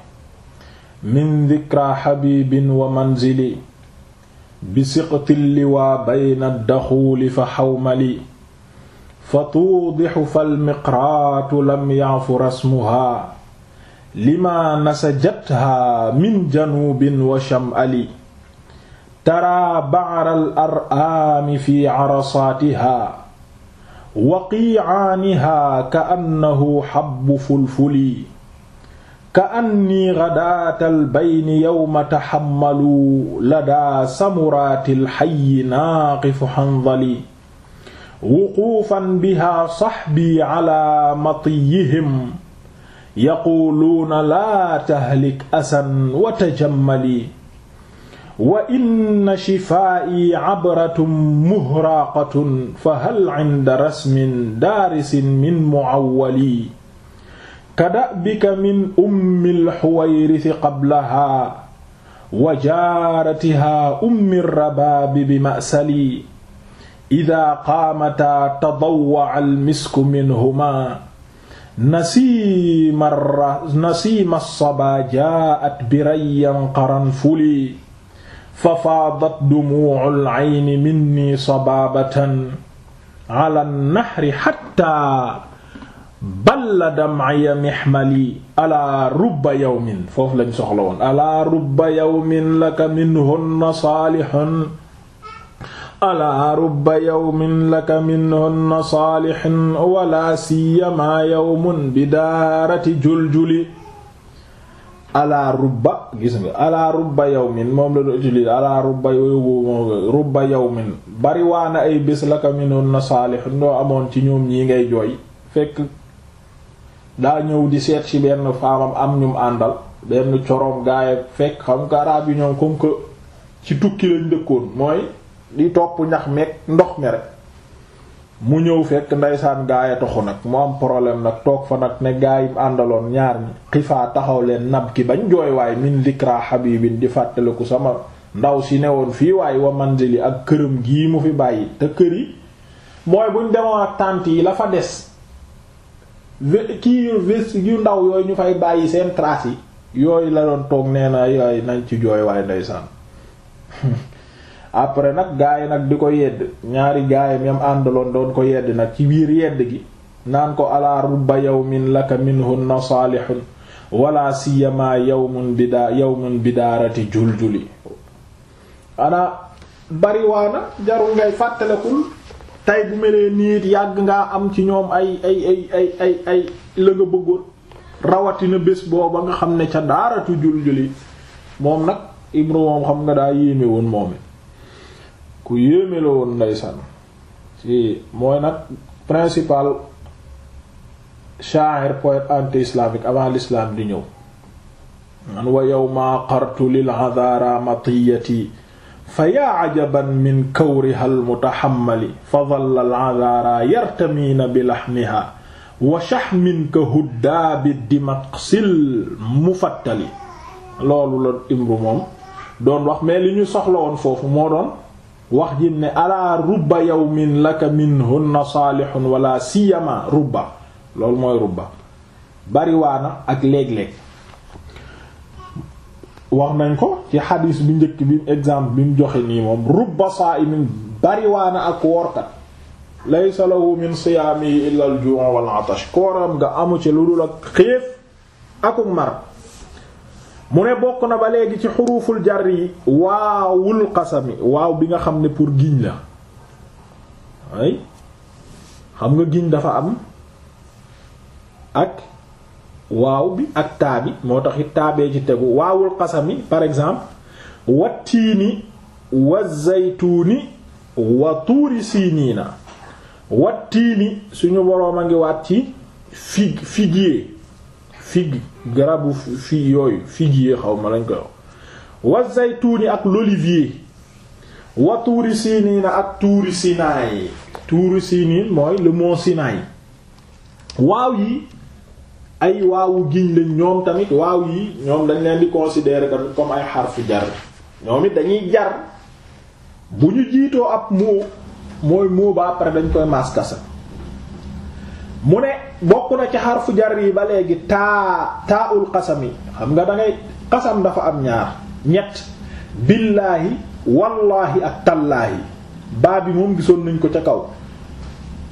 min dikra xabibin wa manzili bi siqtil liwaa bayna daxuuli fa xawmali fa tuudixu falmiqraatu lam yaafu rasmuhaa lima nasajathaa min janubin wa shamali taraa bacral araami fi carasaatihaa wa qiicaanihaa ka annahu xabbu fulfuli ka anni gadaatal bayni yowma taxammalu ladaa samuraati alxayi naaqifu xandali wuquufan biha saxbi ala matiyihim yaquuluuna laa tahlik asan wa tajammalii wa inna shifaa'i cabratun muhraaqatun fa hal cinda rasmin daarisin min mucawwalii kada'bika min ummi lxuwayrisi qablahaa wa jaaratihaa ummi rabaabi bi ma'salii idaa qaamataa tadawwa almisku minhumaa nasiima nasiima sabaa jaa'at birayyan qaranfuli fa faadat dumuu'ul ayni minni sabaabatan ala nahri xatta balla dam'aya mihmali ala rubba yawmin foofu lañ soxla woon ala rubba yawmin laka minhunna saalihun alaa rubba yawmin laka minhunna saalixin wala siyamaa yawmun bi daarati juljuli alaa rubba gis nga alaa rubba yawmin moom la doon utiliser alaa rubba yawmin rubba bariwaana ay bés laka minhunna saalixin doo amoon ci ñoom ñi ngay jooy fekk daa ñëw di seet ci benn faamam am ñum àndal benn coroom gaay fekk xam nga araab yi ñoom comme que ci tukki lañ dëkkoon mooy di topp ñax meeg ndox mi mu ñëw fekk ndaysaan gaaya toxu nag mu am problème nag toog fa nag ne gaa yi mu àndaloon ñaar ñi xifaa taxaw leen nab ki bañ jooy waaye min yi habibin di fàttaliku sama ndaw si ne woon fii waaye wa manzili ak këram gii mu fi bàyyi te kër yi mooy buñ demoon ak tànt yi la fa des kii yu vis yu ndaw yooyu ñu fay bàyyi seen trace yi yooyu la doon toog nee na yooyu nañ ci jooy waaye ndaysaan après nag gaay nag di ko yedd ñaari gaayam yam àndaloon doon ko yedd nag ci biir yedd gi naan ko alaa rubba yawmin laka minhunna saalihun wala siyama yawmun bidaa yawmun bidaarati juljuli ana bariwaana jarul ngay fàttalekul tey bu melee niit yàgg nga am ci ñoom ay ay ay ay ay la nga bëggoon rawatina bés booba nga xam ne ca daaratu juljuli moom nag Ibru xam nga daa yéeme woon moom ku yéeme la mooy nag principal sha'ir poète anti-islamique avant l'islam di ñëw man wa yawma qartu lil hadara matiyati fa yaa ajaban fa dalla alhadaara yartamiina bi laxmiha wa shahmin ka huddaabi dimaqsil mufattali loolu la imru moom doon wax mais li ñu soxla woon foofu moo doon wax jim ne alaa rubba yawmin laka minhunna saalihun wala siyama rubba loolu mooy rubba bariwaana ak léeg-léeg wax nañ ko ci xadiis bi njëkk bi exemple bi mu joxe nii moom rubba saa'imin bariwaana ak woorkat laysa lahu min siyaamihi illa al-juu' 'atash kooram nga amu ci lu dul ak xiif akuk mu ne bokk na ba léegi ci xuruful jar yi waawul xasami waaw bi nga xam ne pour giñ la ay xam nga giñ dafa am ak waaw bi ak taa moo tax it taabee ci tegu waawul xasami par exemple wattiini wa zaytuuni wa tuuri siiniina wattiini suñu boroom a ngi waat ci fig figuier fig garabu fii yooyu figuier xaw ma lañ koy wax wa zaytuuni ak l'olivier wa tuuri siiniina ak tuuri sinaay tuuri siiniin mooy le mont Sinaï waaw yi ay waawu giñ lañ ñoom tamit waaw yi ñoom dañ leen di considérer tamit comme ay xarfu jar ñoom it dañuy jar bu ñu jiitoo ab moo mooy moo ba après dañ koy maskasa mu ne bokk na ci xarfu jar yi ba léegi taa taa ul qasam xam nga da ngay qasam dafa am ñaar ñett billaahi wallaahi ak tallaahi baa bi moom gisoon nañ ko ca kaw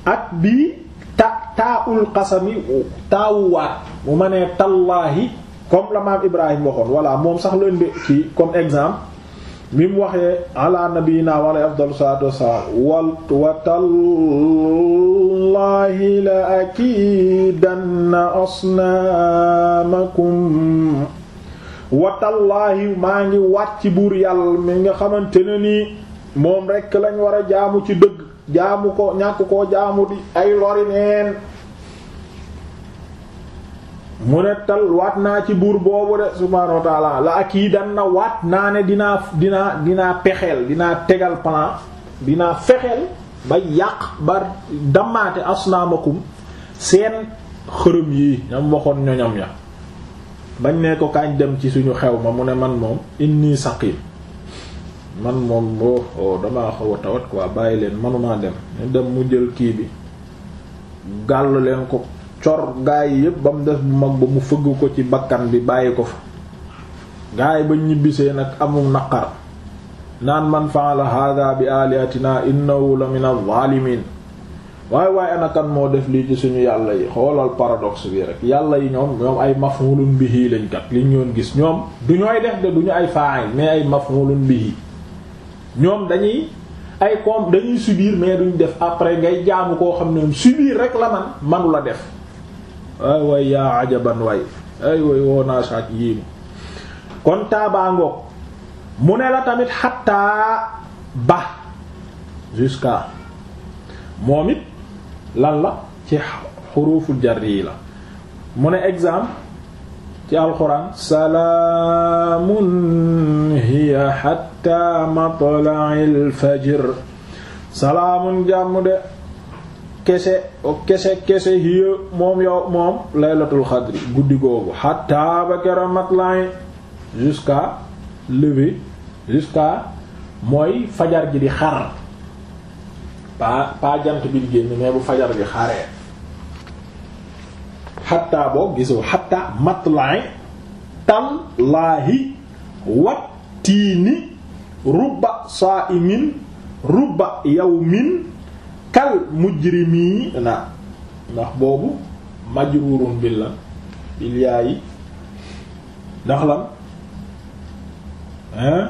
ak bii ta taa ul qasam yi taawu waat mu ma nee tallaahi comme la maam Ibrahim waxoon voilà moom sax la indi kii comme exemple mi mu waxee ala nabiyina wa alayhi afdalu salaatu wassalaam wa tallaahi la akiidanna asnaamakum wa tallaahi maa ngi waat ci buur yàlla mi nga xamante ne nii moom rekk lañ war a jaamu ci dëgg jaamu ko ñàkk koo jaamu ay lori mu ne tal waat naa ci buur boobu de subhaanahu wa la ak yi dan na waat naa ne dinaa dinaa dinaa pexeel dinaa tegal plan dinaa fexeel ba yàq ba damaate asnaamakum seen xërëm yi ñam waxoon ñoñam ya bañ ne ko kañ dem ci suñu xew ma mu ne man moom inni saqim man moom boo oh damaa xaw a tawat quoi bàyyi leen manumaa dem ñu dem mu jël kii bi gàll leen ko cor gaay yi yépp ba mu des bu mag ba mu fëgg ko ci bakkan bi bàyyi ko fa gaay ba ñibbisee nag amul naqar naan man la hadha bi alihatina innahu la min az-zalimin waaye waaye anakan moo def lii ci suñu yàlla yi xoolal paradoxe bi rek yàlla yi ñoom ñoom ay maf'ulun bihi lañ kat liñ ñoon gis ñoom du ñooy def de du ñu ay fa'il mais ay maf'ulun bihi ñoom dañuy ay koom dañuy subir mais duñ def après ngay jaamu koo xam ne subir rek la man manu la def ay way yaa ajaban way ay way woo naa saak yéemu kon taabaangoog mu ne la tamit xattaa ba jusqu'à moom it lan la ci xuruful jar yi la mu ne example ci alxuraan salaamun hiya xatta matla'il fajr salaamun jàmm de kese kese kese hiya moom yow moom laylatul xadri guddi googu xatta ba keroog matla'in jusqu'à lever jusqu'à mooy fajar ji di xar pa pa jant bi di génn mais bu fajar gi xaree xatta boo gisoo xatta matla'in tallaahi wattiini rubba saa'imin rubba yawmin kal mujrimi na ndax boobu majrurun bil la bil yaayi ndax lan hein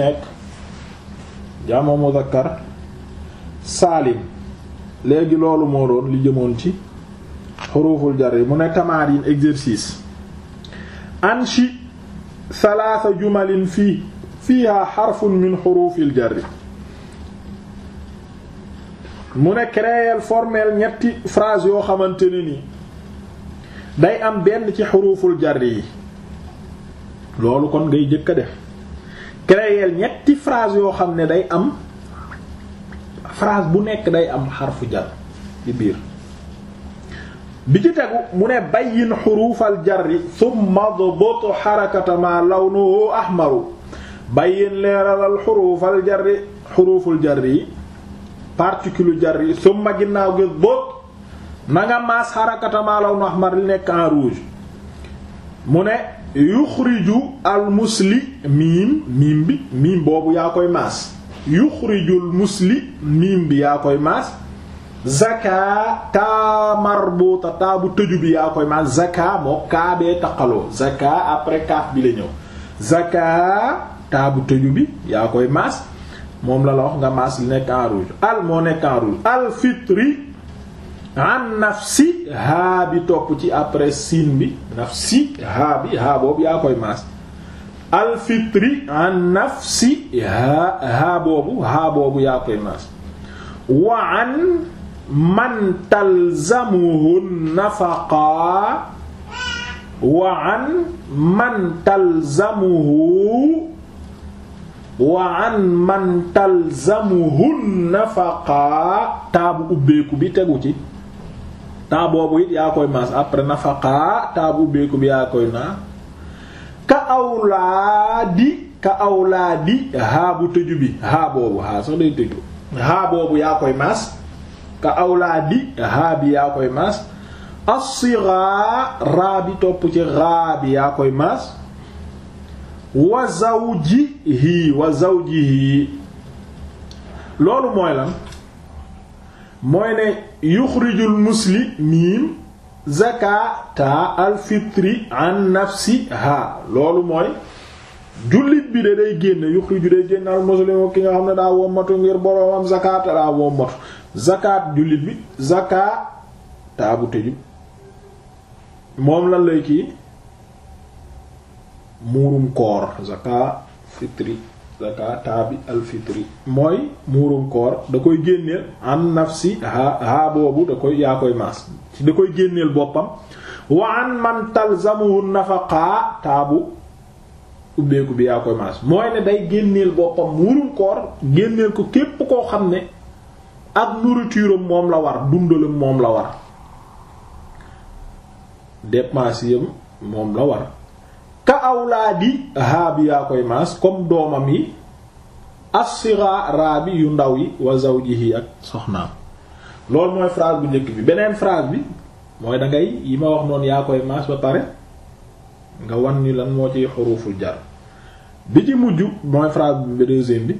nekk jaama muzakkar saalim léegi loolu moo doon li jëmoon ci xuruful jar yi mu ne tamarin exercice anshi salaasa jumalin fii fiiha xarfun min xurufil jar mu ne créer formel ñetti frase yoo xamante ne ni day am benn ci xuruful jar yi loolu kon ngay jëkk a def créer ñetti frase yoo xam ne day am phrase bu nekk day am xarfu jar ci biir bi ci tegu mu ne bayyin xurufal jarri thumma dbut xarakata ma lawnuhu ahmaru bayyin leeralal xurufal jarri xuruful jarri yi particule jar yi summa ginnaaw gi bóot na maas xarakatamaa law nu li nekk en rouge mu ne yuxriju al musli miim miim bi miim boobu yaa koy maas yuxrijul musli miim bi yaa koy maas zaka taa marbuta taa bu tëju bi yaa koy maas zaka moo kaabee taqaloo zaka après kaaf bi la ñëw zaka taa tëju bi yaa koy maas moom la la wax nga maas li nekk en rouge al moo nekk en rouge al fitri an nafsi haa bi topp ci après sin bi nafsi haa bi haa boobu yaa koy maas al fitri an nafsi haa haa boobu haa boobu yaa koy maas wa an man talzamuhu nafaqaa wa an man talzamuhu wa an man talzamuhun nafaqaa taabu ubbeeku bi tegu ci taa boobu it yaa koy maas après nafaqaa taabu ubbeeku bi yaa koy naa ka awlaadi ka awlaadi haa bu tëju bi haa boobu haa sax tëju haa boobu yaa koy maas ka awlaadi haa bi yaa koy maas asiraa raa bi topp ci raa bi yaa koy maas wa zawjihi wa zawjihi loolu mooy lan mooy ne yuxrijul muslimiin zakata alfitri an nafsiha loolu mooy jullit bi de day génn yuxriju day génn al muslimu ki nga xam ne daa wommatu ngir boroomam zakata daa wommatu zakat jullit bu tëju moom lan lay kii muurum koor zaka fitri zaka taabi alfitri mooy muurum koor da koy génneel an nafsi ha boobu da koy yaa koy maas da koy génneel boppam wa an man talzamuhu nafaqa taabu ubbeeku bi yaa koy maas mooy ne day génneel boppam muurum koor génneel ko képp koo xam ne ak nourriture am moom la war dundalam moom la war dépense moom la war ka awlaadi haabi yaa koy maas comme doomam yi assira raabi yu ndaw yi wa zawjihi ak soxnaam loolu mooy phrase bu njëkk bi beneen phrase bi mooy da yi ma wax noonu yaa koy maas ba pare nga wan ni lan moo ciy xuruful jar bi ci mujj mooy phrase bi deuxième bi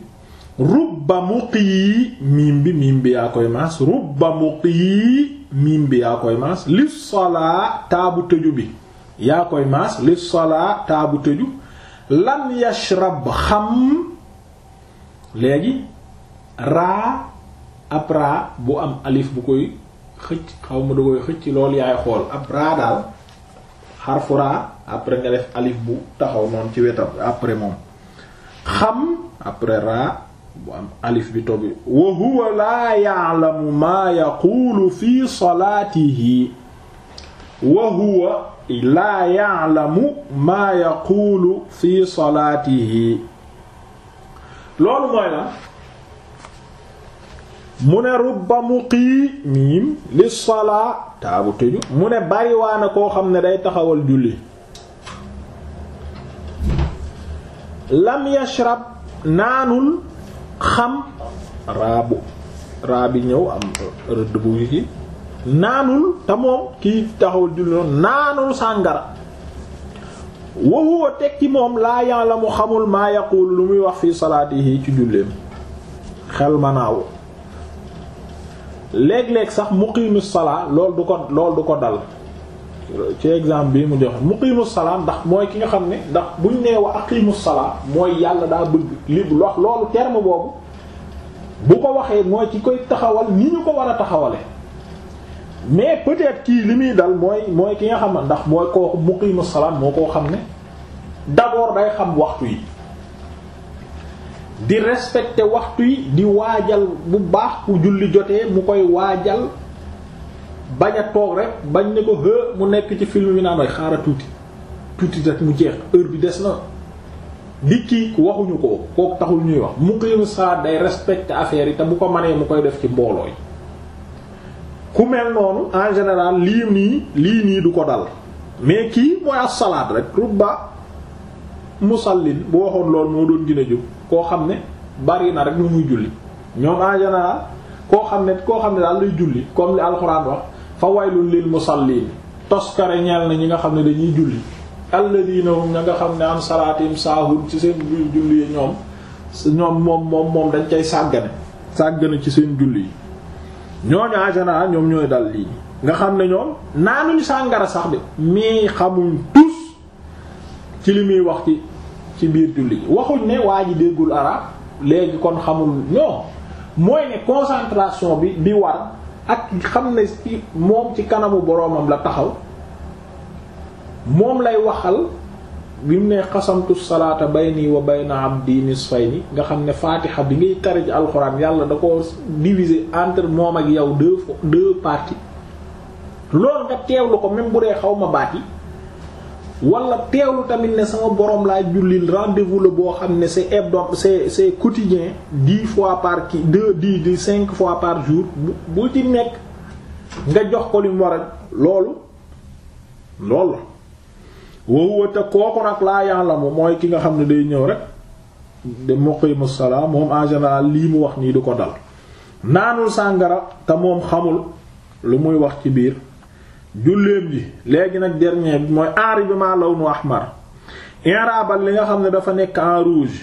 rubba muqi miim bi miim bi yaa koy maas rubba muqi miim bi yaa koy maas li solaa taabu tëju bi yaa koy maas li solaa taabu tëju lam yashrab xam léegi raa ab raa bu am alif bu koy xëcc xaw ma da koy xëcc loolu yaay xool ab raa daal xarfu raa après nga def alif bu taxaw noonu ci wetam après moom xam après raa bu am alif bi tobi wa huwa laa ya'lamu maa yaqulu fi salaatihi wa laa ya'lamu maa yaquulu fi salaatihi loolu mooy la mu ne rubba muqiim li salaa taabu tëju mu ne bariwaana koo xam ne day taxawal julli lam yashrab naanul xam raabu raabi ñëw am rëdd bu wiki naanul te moom kii taxawul julli noonu naanul sàngara wa huwa teg ci moom laa mu xamul maa lu muy wax fi salaatihi ci julleem xel ma naaw léeg-léeg sax muqiimu salaa lool du ko lool du ko dal ci exemple bi mu joxe muqiimu salaa ndax mooy ki nga xam ne ndax buñ nee wa aqiimu salaa mooy yàlla daa bëgg li bu wax loolu terme boobu bu ko waxee mooy ci koy taxawal ni ñu ko war a taxawale mais peut-être kii li muy dal mooy mooy ki nga xam ndax mooy kooku muqimu salaam moo koo xam ne d'abord day xam waxtu yi di respecter waxtu yi di waajal bu baax ku julli jotee mu koy waajal bañ a toog rek bañ ne ko hë mu nekk ci film bi naa way xaaral tuuti tuuti rek mu jeex heure bi des na di kii waxuñu ko kooku taxul ñuy wax muqimu salaam day respecter affaire yi te bu ko mënee mu koy def ci mbooloo yi ku mel noonu en général lii nii lii nii du ko dal mais kii mooy as-salaat rek rubba musallin bu waxoon loolu moo doon gën a jóg koo xam ne bari na rek nu muy julli ñoom en général koo xam ne koo xam ne daal lay julli comme li alxuraan wax fa waylul lil musallin toskare ñeel na ñi nga xam ne dañuy julli alladina hum ña nga xam ne am salaatim saahun ci seen julli ñoom ñoom moom moom moom dañ cay sàggane sàggane ci seen julli yi ñooñu en général ñoom ñooy dal lii nga xam ne ñoom naanuñu sàngara sax de mais xamuñ tous ci li muy wax ci ci biir julli waxuñ ne waa ji déggul arab léegi kon xamuñ ñoom mooy ne concentration bi bi war ak xam ne moom ci kanamu boroomam la taxaw moom lay waxal bi mu ne xasamtu salaata bayni wa bayna abdi nisfayni nga xam ne faatiha bi ngay tari ci alxuraan yàlla da ko diviser entre moom ak yow deux deux loolu nga teewlu ko même bu dee xaw ma baat yi wala teewlu tamit ne sama borom laa jullil rendez-vous boo xam ne c'est hebdo c'est c'est quotidien dix fois par kii deux dix dix cinq fois par jour bu bu ci nekk nga jox ko li loolu loolu woowu te kooku nag laa yàlla ya'lamu mooy ki nga xam ne day ñëw rek de muqimu salaa moom en général lii mu wax nii du ko dal naanul sàngara te moom xamul lu muy wax ci biir julleem ji léegi nag dernier bi mooy aari bi maa law nu ahmar i'rabal li nga xam ne dafa nekk en rouge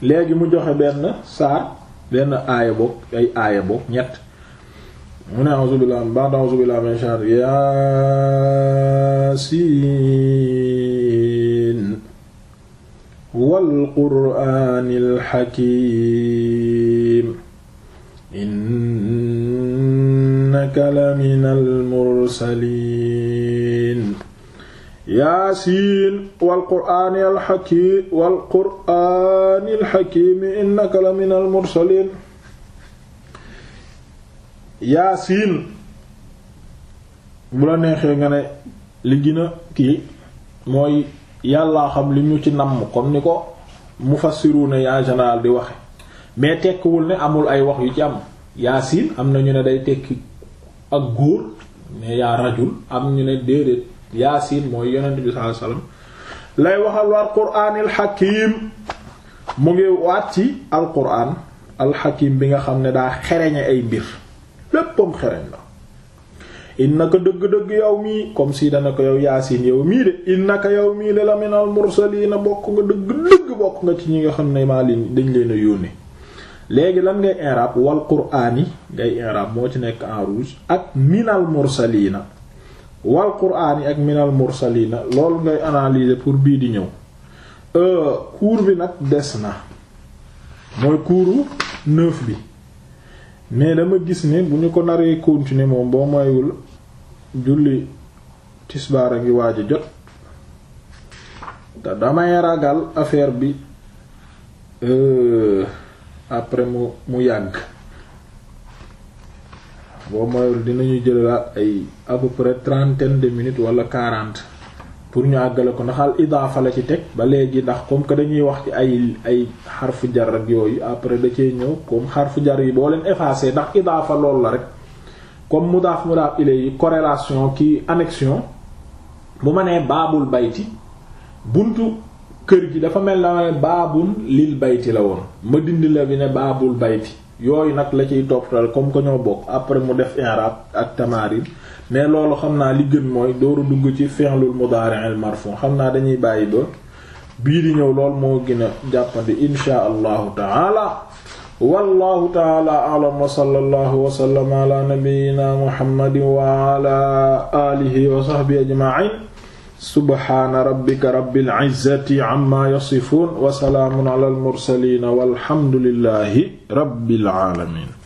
léegi mu joxe benn saar benn aaya boog ay aaya boog ñett mu ne a'uzu billahi ba'da a'uzu yaasiin wal qur'aanil hakiim innaka laminal mursaliin yaasiin wal qur'aanil hakiim wal qur'aanil hakiim innaka laminal mursaliin yaasiin bu la neexee nga li gën kii mooy yàllaa xam li ñu ci namm comme ni ko mufassiruna en général di waxe mais tekkiwul ne amul ay wax yu ci am yaasin am na ñu ne day tekki ak góor mais yaa rajul am ñu ne déedéet yaasin mooy yonent bi sallallahu lay waxal al quraanil hakim mu ngi waat ci al quraan al bi nga xam ne daa xereñe ay mbir léppam xereñ la innaka dëgg-dëgg yow mii comme si dana ko yow yaasin yow mii de innaka yow mii de la minal mursaliina bokk nga dëgg-dëgg bokk nga ci ñi nga xam ne maa leen dañ leen a yónnee léegi lan ngay i'rab wal qur'aani ngay i'rab moo ci nekk en rouge ak minal mursaliina wal qur'aani ak minal mursaliina loolu ngay analyser pour bii di ñëw euh, cours bi nag des na mooy cours neuf bi mais dama gis ne bu ñu ko naree continuer moom boo moywul julli tisbaar a ngi waaj a jot te damay ragal affaire bi euh, après mu mu yàgg boo moywul dinañu jëlalaat ay à peu près trentaine de minutes wala quarante pour ñu àggale ko ndax al la ci teg ba léegi ndax comme que dañuy wax ci ay ay xarfu jar ak yooyu après da cee ñëw comme xarfu jar yi boo leen effacé ndax idaafa loolu la rek comme mudaaf mudaaf ilayhi corrélation ki annexion bu ma nee baabul bayti buntu kër gi dafa mel na ma ne baabul lil bayti la woon ma dindi la bi ne baabul bayti yooyu nag la ciy toppal comme que ñoo bokk après mu def i'rab ak tamarin mais loolu xam naa li gën mooy dooru dugg ci fi'lul mudaari'il marfu' xam naa dañuy bàyyi ba bii di ñëw lool moo gën a jàppandi inshaa allahu taala wallahu taala a'lam wa sallallahu wa sallama ala nabiyyina muhammadin wa ala alihi wa sahbihi ajma'in subhana rabbika rabbil izzati amma yasifun wa salaamun ala al mursalin walhamdulillahi rabbil alamin